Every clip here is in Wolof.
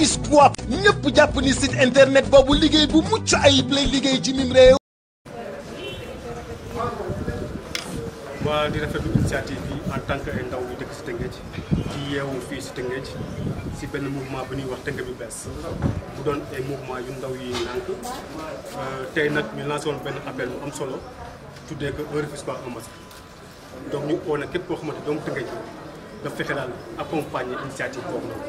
Office.coop ñëpp jàpp ni site internet boobu liggéey bu mucc ayib lay liggéey ci mim di rafetlu initiative bi en ndaw yu dëkk si Tëngéej di yeewu fii si benn mouvement bu ñuy wax Tëngéej bu bees bu doon ay mouvement yu ndaw yi nànk euh, tey nag mi lancé woon benn appel mu am solo tuddee ko un Rufisquois un masque donc ñu oo na képp koo xamante doomu Tëngéej la nga fexe daal accompagner initiative boobu noonu.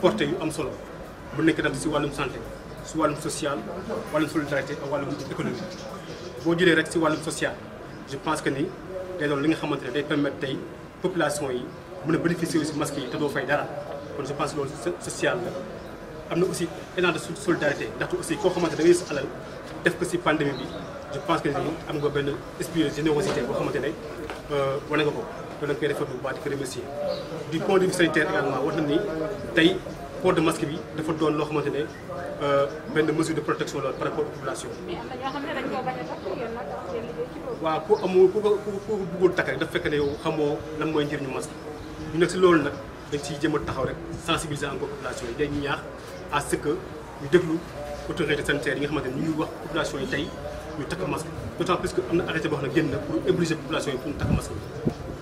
portée am solo bu nek tam ci walum santé ci walum social walum solidarité ak wàllum économie bo jëlee rek ci walum social je pense que ni day doon li nga xamante day permettre tay population yi mën a bénéficier si masque yi te doo fay dara kon je pense loolu social la amna aussi élan de solidarité ndaxte aussi ko xamante da ngay sa alal def ko ci pandémie bi je pense que ni am nga ben esprit de générosité boo xamante euh wane nga ko loolu lañ koy rafetlu bu baax di ko remercier du point na ni tey port de masque bi dafa doon loo xamante ne euh, benn mesure de protection la par rapport aux populations. mais am na ñoo xam ne koo bañ a takk yéen amul ko ko bëggul takk rek dafa fekk ne yow xamoo lan mooy njëriñu masque ñu nekk si loolu nag dañ ciy jëm a taxaw rek sensibiliser encore population yi day ñu ñaax à ce que ñu déglu autorité sanitaire yi nga xamante ne ñu ngi wax population yi tey ñu takk masque d'autant plus que am na arrêté boo xam ne génn na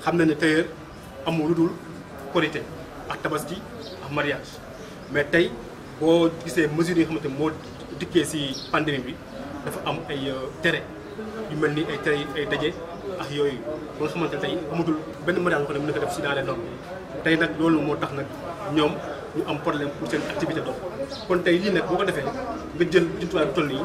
xam na ne tailleur amul lu dul korité ak tabaski ak mariage mais tey boo gisee mesures yi nga xamante moo dikkee si pandémie bi dafa am ay euh, tere yu mel ni ay tere ay daje ak yooyu ba nga xamante tey amatul benn mariage boo xam ne mën def si dans les normes tey nag loolu moo tax nag ñoom ñu am problème pour seen activité dox kon tey lii nag boo ko defee nga jël jumtuwaay bu toll nii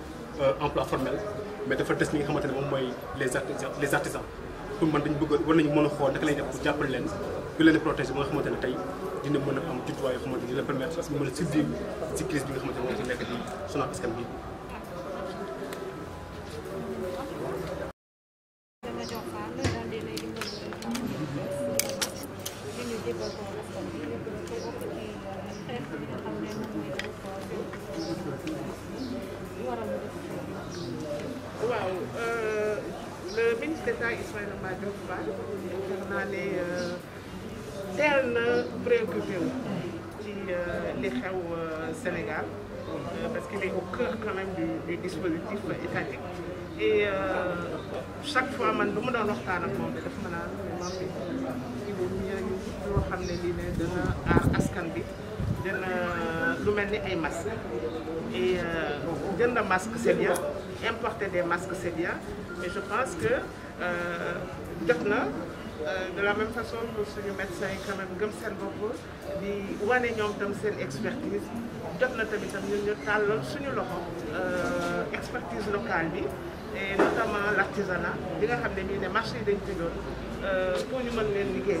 emploi euh, formel mais dafa des ñi nga xamante ne moom mooy les artisans les artisans pour man dañu bëgg war nañu mën a xool naka lañu def pour jàppale leen ku leen protéger ba nga xamante ne tey dina mën a am judduwaay yoo xamante ne dina permettre parce que mën a survivre si crise bi nga xamante ne moo ci nekk di sonal askan bi waaw le ministre d'État Ismaïla Madior Fall def naa préoccupé qui ci li Sénégal parce qu'il est au cœur quand même du, du dispositif étatique et euh, chaque fois man lu mu doon waxtaan ak moom daf ma naan moom il vaut mieux ñu loo de ne lii ne dana aar askan bi nous un et et euh, d'un masque c'est bien importer des masques c'est bien mais je pense que euh, euh, de la même façon que médecin quand même expertise expertise locale et notamment l'artisanat il y a des marchés pour nous mener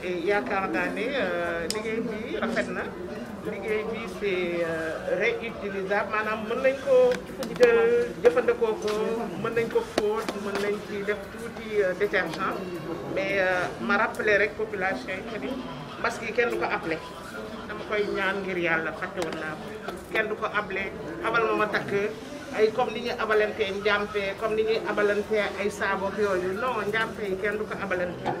yaakaar naa ne euh, liggéey bi rafet na liggéey bi c'est euh, réutilisable maanaam mën nañ ko jëfandikoo ko mën nañ ko fóot mën nañ ci def tuuti euh, détergent mais ma rappeler rek population yi tamit masque kenn du ko appelé dama koy ñaan ngir yàlla fàtte woon naa ko kenn du ko appelé abal ma ma takk ay comme ni ñuy abalantee njàmpe comme ni ñuy abalantee ay saabo yooyu non njàmpe yi kenn du ko abalantee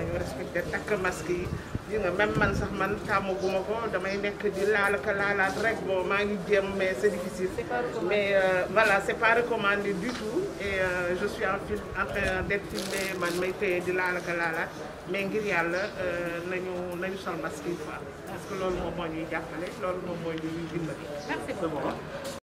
nañu respecté takk masque yi di nga même man sax man tàmmaguma ko damay nek di laalaka laalaat rek bo maa ngi jéem mais c'est difficile mais euh, voilà c'est pas recommandé du tout et euh, je suis en film en train d'être filmé man may téye di laalaka laalaat mais ngir yalla euh, nañu nañu sol masque yi quoi parce que lolu mo moo ñuy jàppale loolu moom moo ñuy dimbali